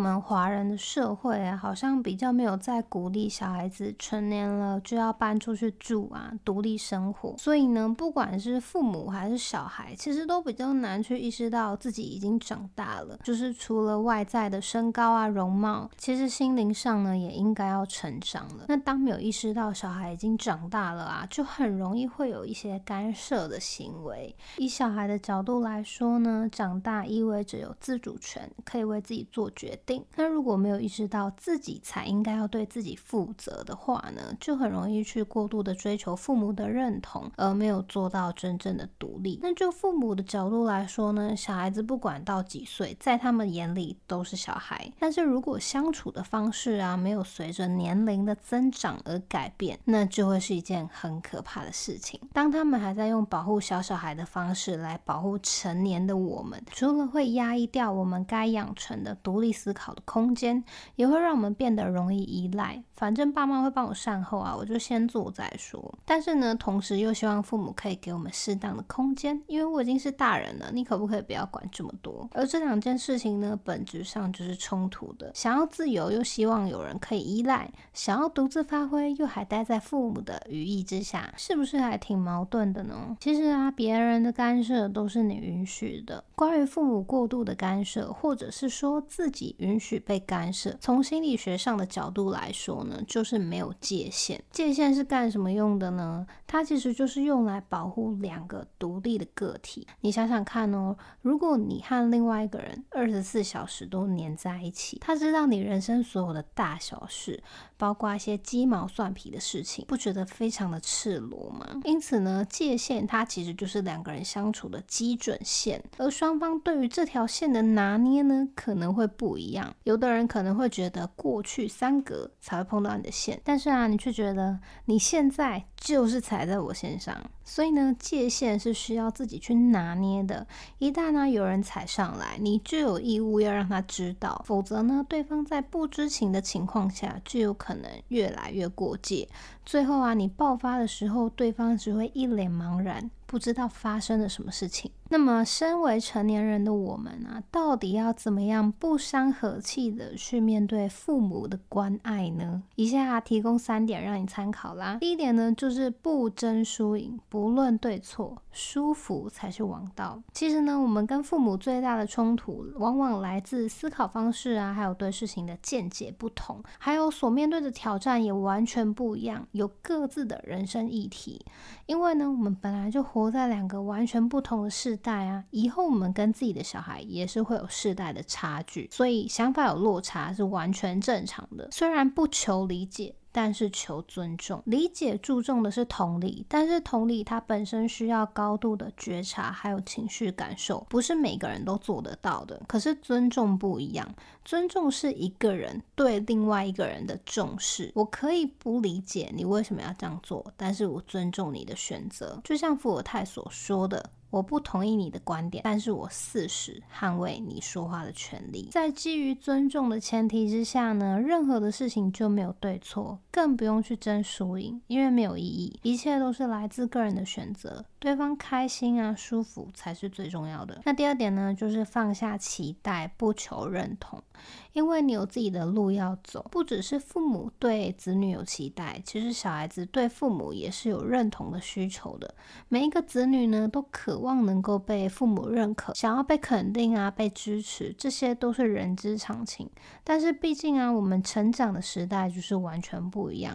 我們華人的社會好像比較沒有在鼓勵小孩子，成年了就要搬出去住啊，獨立生活。所以呢，不管是父母還是小孩，其實都比較難去意識到自己已經長大了。就是除了外在的身高啊、容貌，其實心靈上呢，也應該要成長了。那當沒有意識到小孩已經長大了啊，就很容易會有一些干涉的行為。以小孩的角度來說呢，長大意味着有自主權，可以為自己做決定。那如果沒有意識到自己才應該要對自己負責的話呢，就很容易去過度的追求父母的認同，而沒有做到真正的獨立。那就父母的角度來說呢，小孩子不管到幾歲，在他們眼裡都是小孩。但是如果相處的方式啊，沒有隨着年齡的增長而改變，那就會是一件很可怕的事情。當他們還在用保護小小孩的方式來保護成年的我們，除了會壓抑掉我們該養成的獨立思考。好的空間也會讓我們變得容易依賴，反正爸媽會幫我善後啊，我就先做再說。但是呢，同時又希望父母可以給我們適當的空間，因為我已經是大人了，你可不可以不要管這麼多？而這兩件事情呢，本質上就是衝突的。想要自由又希望有人可以依賴，想要獨自發揮又還待在父母的羽翼之下，是不是還挺矛盾的呢？其實啊，別人的干涉都是你允許的。關於父母過度的干涉，或者是說自己允。允許被干涉。從心理學上的角度來說呢，就是沒有界限。界限是幹什麼用的呢？它其實就是用來保護兩個獨立的個體。你想想看哦，如果你和另外一個人二十四小時都黏在一起，他知道你人生所有的大小事，包括一些雞毛蒜皮的事情，不覺得非常的赤裸嗎？因此呢，界限它其實就是兩個人相處的基準線，而雙方對於這條線的拿捏呢，可能會不一樣。有的人可能會覺得過去三格才會碰到你的線，但是啊，你卻覺得你現在就是踩在我身上，所以呢，界限是需要自己去拿捏的。一旦呢有人踩上來，你就有義務要讓他知道，否則呢，對方在不知情的情況下就有可能越來越過界。最後啊，你爆發的時候，對方只會一臉茫然，不知道發生了什麼事情。那麼，身為成年人的我們啊，到底要怎麼樣不傷和氣的去面對父母的關愛呢？以下啊，提供三點讓你參考啦。第一點呢，就就是不爭輸贏，不論對錯，舒服才是王道。其實呢，我們跟父母最大的衝突，往往來自思考方式啊，還有對事情的見解不同，還有所面對的挑戰也完全不一樣，有各自的人生議題。因為呢，我們本來就活在兩個完全不同的世代啊，以後我們跟自己的小孩也是會有世代的差距，所以想法有落差是完全正常的。雖然不求理解。但是求尊重，理解，注重的是同理，但是同理它本身需要高度的覺察，還有情緒感受，不是每個人都做得到的。可是尊重不一樣，尊重是一個人對另外一個人的重視。我可以不理解你為什麼要這樣做，但是我尊重你的選擇。就像伏爾泰所說的。我不同意你的觀點，但是我誓死捍衛你說話的權利，在基於尊重的前提之下呢，任何的事情就沒有對錯，更不用去爭輸贏，因為沒有意義，一切都是來自個人的選擇。對方開心啊，舒服才是最重要的。那第二點呢，就是放下期待，不求認同，因為你有自己的路要走。不只是父母對子女有期待，其實小孩子對父母也是有認同的需求的。每一個子女呢，都渴望能夠被父母認可，想要被肯定啊，被支持，這些都是人之常情。但是畢竟啊，我們成長的時代就是完全不一樣。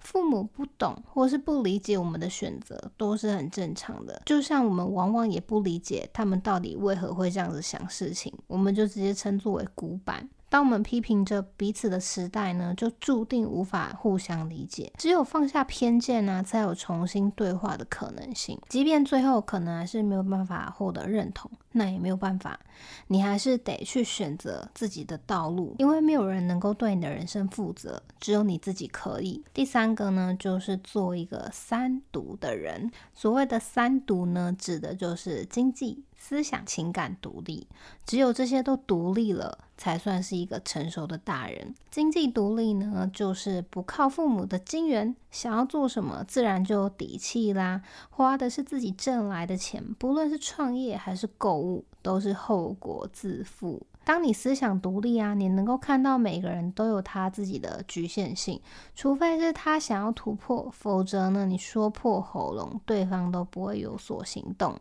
父母不懂，或是不理解我們的選擇，都是很正常的。就像我們往往也不理解他們到底為何會這樣子想事情，我們就直接稱作為古板。當我們批評着彼此的時代呢，就注定無法互相理解。只有放下偏見呢、啊，才有重新對話的可能性。即便最後可能還是沒有辦法獲得認同。那也沒有辦法，你還是得去選擇自己的道路，因為沒有人能夠對你的人生負責，只有你自己可以。第三個呢，就是做一個三獨的人。所謂的三獨呢，指的就是經濟、思想、情感獨立。只有這些都獨立了，才算是一個成熟的大人。經濟獨立呢，就是不靠父母的金援，想要做什麼，自然就有底氣啦。花的是自己掙來的錢，不論是創業還是購物。都是後果自負。當你思想獨立啊，你能夠看到每個人都有他自己的局限性，除非是他想要突破，否則呢，你說破喉嚨，對方都不會有所行動。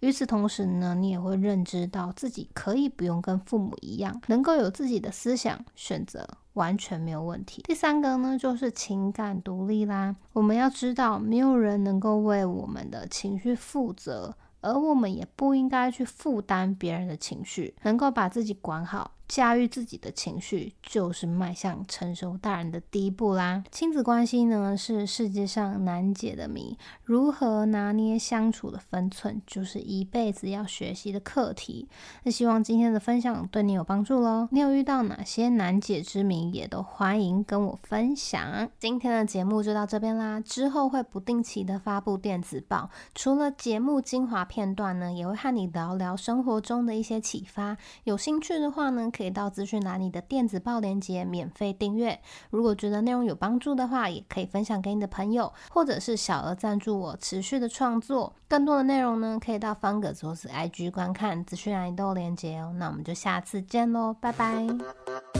與此同時呢，你也會認知到自己可以不用跟父母一樣，能夠有自己的思想選擇，完全沒有問題。第三個呢，就是情感獨立啦。我們要知道，沒有人能夠為我們的情緒負責。而我們也不應該去負擔別人的情緒，能夠把自己管好。駕馭自己的情緒，就是邁向成熟大人的第一步啦。親子關係呢，是世界上難解的謎，如何拿捏相處的分寸，就是一輩子要學習的課題。那希望今天的分享對你有幫助咯。你有遇到哪些難解之謎，也都歡迎跟我分享。今天的節目就到這邊啦，之後會不定期的發布電子報，除了節目精華片段呢，也會和你聊聊生活中的一些啟發。有興趣的話呢，可以到資訊欄裡的電子報鏈接免費訂閱。如果覺得內容有幫助的話，也可以分享給你的朋友，或者是小額贊助我持續的創作。更多的內容呢，可以到方格子或是 IG 觀看資訊欄都有鏈接哦。那我們就下次見嘍，拜拜。